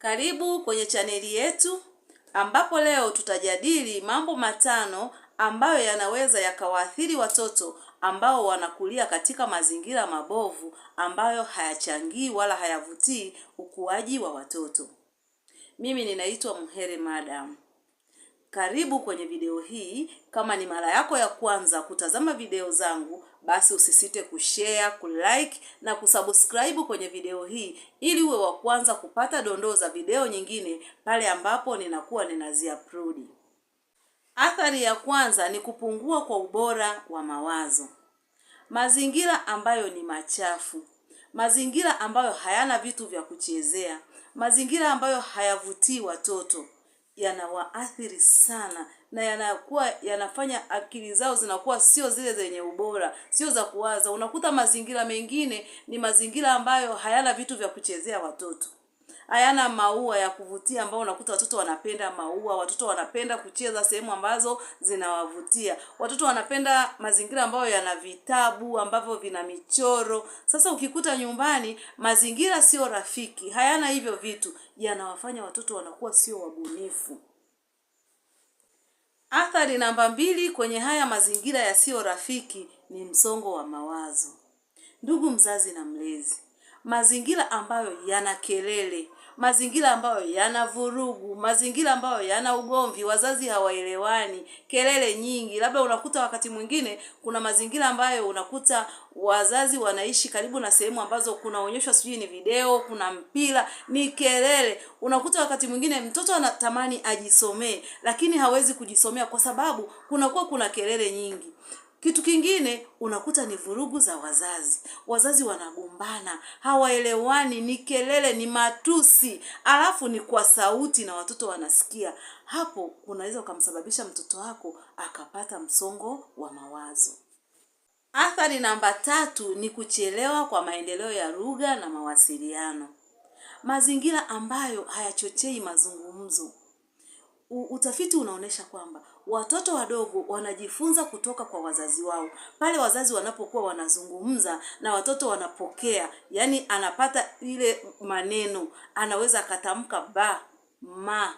Karibu kwenye chaneli yetu ambapo leo tutajadili mambo matano ambayo yanaweza yakawaathiri watoto ambao wanakulia katika mazingira mabovu ambayo hayachangii wala hayavutii ukuaji wa watoto. Mimi ninaitwa Mhere Madam. Karibu kwenye video hii. Kama ni mara yako ya kwanza kutazama video zangu, basi usisite kushare, kulike na kusubscribe kwenye video hii ili uwe wa kwanza kupata dondoo za video nyingine pale ambapo ninakuwa ninaziaplodi. Athari ya kwanza ni kupungua kwa ubora wa mawazo. Mazingira ambayo ni machafu, mazingira ambayo hayana vitu vya kuchezea, mazingira ambayo hayavutii watoto yanawaathiri sana na yanakuwa yanafanya akili zao zinakuwa sio zile zenye ubora, sio za kuwaza. Unakuta mazingira mengine ni mazingira ambayo hayana vitu vya kuchezea watoto hayana maua ya kuvutia ambao unakuta watoto wanapenda maua, watoto wanapenda kucheza sehemu ambazo zinawavutia, watoto wanapenda mazingira ambayo yana vitabu ambavyo vina michoro. Sasa ukikuta nyumbani mazingira sio rafiki, hayana hivyo vitu, yanawafanya watoto wanakuwa sio wabunifu. Athari namba mbili kwenye haya mazingira yasiyo rafiki ni msongo wa mawazo. Ndugu mzazi na mlezi, mazingira ambayo yana kelele, mazingira ambayo yana vurugu, mazingira ambayo yana ugomvi, wazazi hawaelewani, kelele nyingi. Labda unakuta wakati mwingine kuna mazingira ambayo unakuta wazazi wanaishi karibu na sehemu ambazo kunaonyeshwa sijui ni video, kuna mpira, ni kelele. Unakuta wakati mwingine mtoto anatamani ajisomee, lakini hawezi kujisomea kwa sababu kunakuwa kuna kelele nyingi. Kitu kingine unakuta ni vurugu za wazazi. Wazazi wanagombana, hawaelewani, ni kelele, ni matusi, alafu ni kwa sauti na watoto wanasikia. Hapo unaweza ukamsababisha mtoto wako akapata msongo wa mawazo. Athari namba tatu ni kuchelewa kwa maendeleo ya lugha na mawasiliano. Mazingira ambayo hayachochei mazungumzo Utafiti unaonyesha kwamba watoto wadogo wanajifunza kutoka kwa wazazi wao, pale wazazi wanapokuwa wanazungumza na watoto wanapokea, yani anapata ile maneno, anaweza akatamka ba ma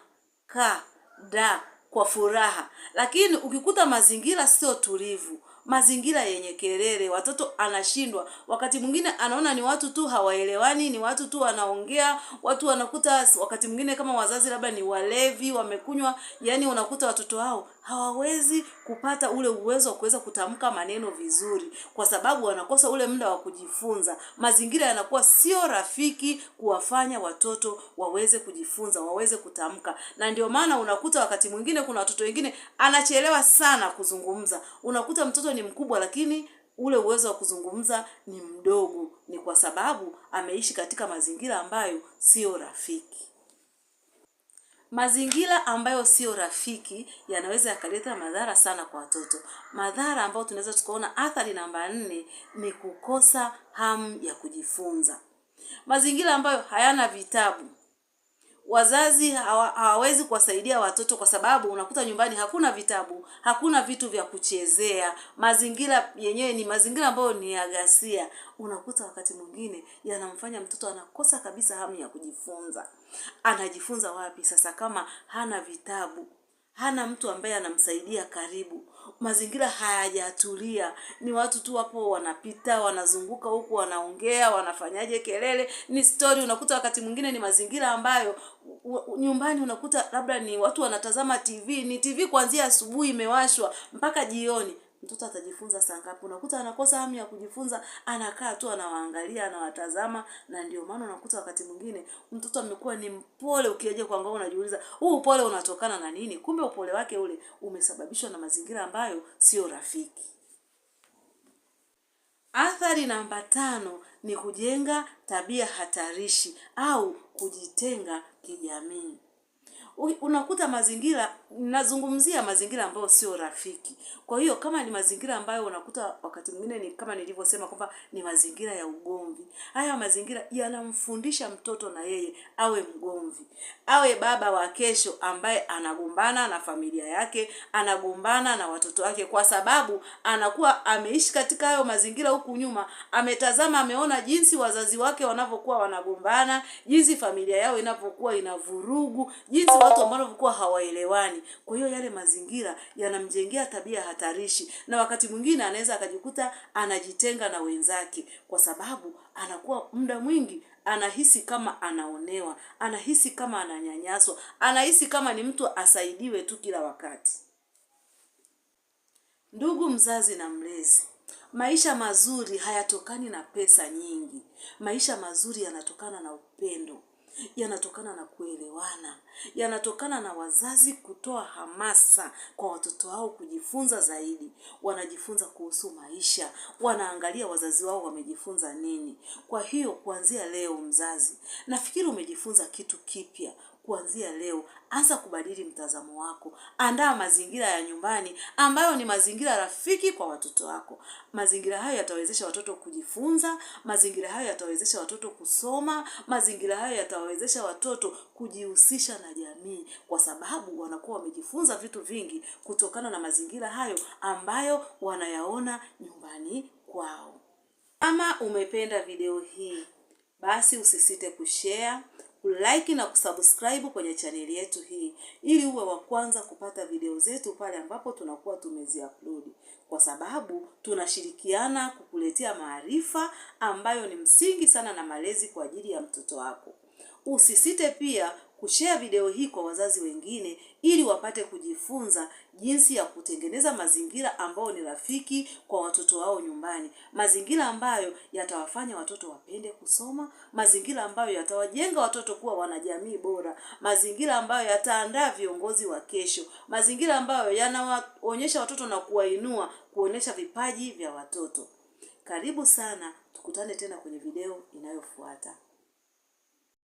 ka da kwa furaha, lakini ukikuta mazingira sio tulivu, mazingira yenye kelele, watoto anashindwa. Wakati mwingine anaona ni watu tu hawaelewani, ni watu tu wanaongea, watu wanakuta, wakati mwingine kama wazazi labda ni walevi, wamekunywa, yani unakuta watoto hao hawawezi kupata ule uwezo wa kuweza kutamka maneno vizuri, kwa sababu wanakosa ule muda wa kujifunza. Mazingira yanakuwa sio rafiki kuwafanya watoto waweze kujifunza, waweze kutamka, na ndio maana unakuta wakati mwingine kuna watoto wengine anachelewa sana kuzungumza. Unakuta mtoto ni mkubwa, lakini ule uwezo wa kuzungumza ni mdogo. Ni kwa sababu ameishi katika mazingira ambayo sio rafiki. Mazingira ambayo sio rafiki yanaweza yakaleta madhara sana kwa watoto. Madhara ambayo tunaweza tukaona, athari namba nne ni kukosa hamu ya kujifunza. Mazingira ambayo hayana vitabu wazazi hawawezi kuwasaidia watoto kwa sababu unakuta nyumbani hakuna vitabu, hakuna vitu vya kuchezea, mazingira yenyewe ni mazingira ambayo ni ya ghasia. Unakuta wakati mwingine yanamfanya mtoto anakosa kabisa hamu ya kujifunza. Anajifunza wapi sasa kama hana vitabu, hana mtu ambaye anamsaidia karibu? mazingira hayajatulia, ni watu tu wapo wanapita, wanazunguka huku, wanaongea, wanafanyaje kelele, ni stori. Unakuta wakati mwingine ni mazingira ambayo nyumbani unakuta labda ni watu wanatazama TV, ni TV kuanzia asubuhi imewashwa mpaka jioni, mtoto atajifunza saa ngapi? Unakuta anakosa hamu ya kujifunza, anakaa tu anawaangalia, anawatazama, na ndio maana unakuta wakati mwingine mtoto amekuwa ni mpole. kwa ngao, unajiuliza huu upole unatokana na nini? Kumbe upole wake ule umesababishwa na mazingira ambayo sio rafiki. Athari namba tano ni kujenga tabia hatarishi au kujitenga kijamii unakuta mazingira, nazungumzia mazingira ambayo sio rafiki. Kwa hiyo kama ni mazingira ambayo unakuta wakati mwingine ni kama nilivyosema kwamba ni mazingira ya ugomvi, haya mazingira yanamfundisha mtoto na yeye awe mgomvi, awe baba wa kesho ambaye anagombana na familia yake, anagombana na watoto wake, kwa sababu anakuwa ameishi katika hayo mazingira huku nyuma, ametazama, ameona jinsi wazazi wake wanavyokuwa wanagombana, jinsi familia yao inavyokuwa ina vurugu, jinsi watu ambao walikuwa hawaelewani. Kwa hiyo yale mazingira yanamjengea tabia hatarishi, na wakati mwingine anaweza akajikuta anajitenga na wenzake, kwa sababu anakuwa muda mwingi anahisi kama anaonewa, anahisi kama ananyanyaswa, anahisi kama ni mtu asaidiwe tu kila wakati. Ndugu mzazi na mlezi, maisha mazuri hayatokani na pesa nyingi. Maisha mazuri yanatokana na upendo yanatokana na kuelewana, yanatokana na wazazi kutoa hamasa kwa watoto wao kujifunza zaidi. Wanajifunza kuhusu maisha, wanaangalia wazazi wao wamejifunza nini. Kwa hiyo kuanzia leo, mzazi, nafikiri umejifunza kitu kipya. Kuanzia leo, anza kubadili mtazamo wako. Andaa mazingira ya nyumbani ambayo ni mazingira rafiki kwa watoto wako. Mazingira hayo yatawezesha watoto kujifunza, mazingira hayo yatawezesha watoto kusoma, mazingira hayo yatawezesha watoto kujihusisha na jamii, kwa sababu wanakuwa wamejifunza vitu vingi kutokana na mazingira hayo ambayo wanayaona nyumbani kwao. Kama umependa video hii, basi usisite kushare kulike na kusubscribe kwenye chaneli yetu hii ili uwe wa kwanza kupata video zetu pale ambapo tunakuwa tumeziupload, kwa sababu tunashirikiana kukuletea maarifa ambayo ni msingi sana na malezi kwa ajili ya mtoto wako. Usisite pia kushare video hii kwa wazazi wengine ili wapate kujifunza jinsi ya kutengeneza mazingira ambayo ni rafiki kwa watoto wao nyumbani, mazingira ambayo yatawafanya watoto wapende kusoma, mazingira ambayo yatawajenga watoto kuwa wanajamii bora, mazingira ambayo yataandaa viongozi wa kesho, mazingira ambayo yanawaonyesha watoto na kuwainua, kuonyesha vipaji vya watoto. Karibu sana, tukutane tena kwenye video inayofuata.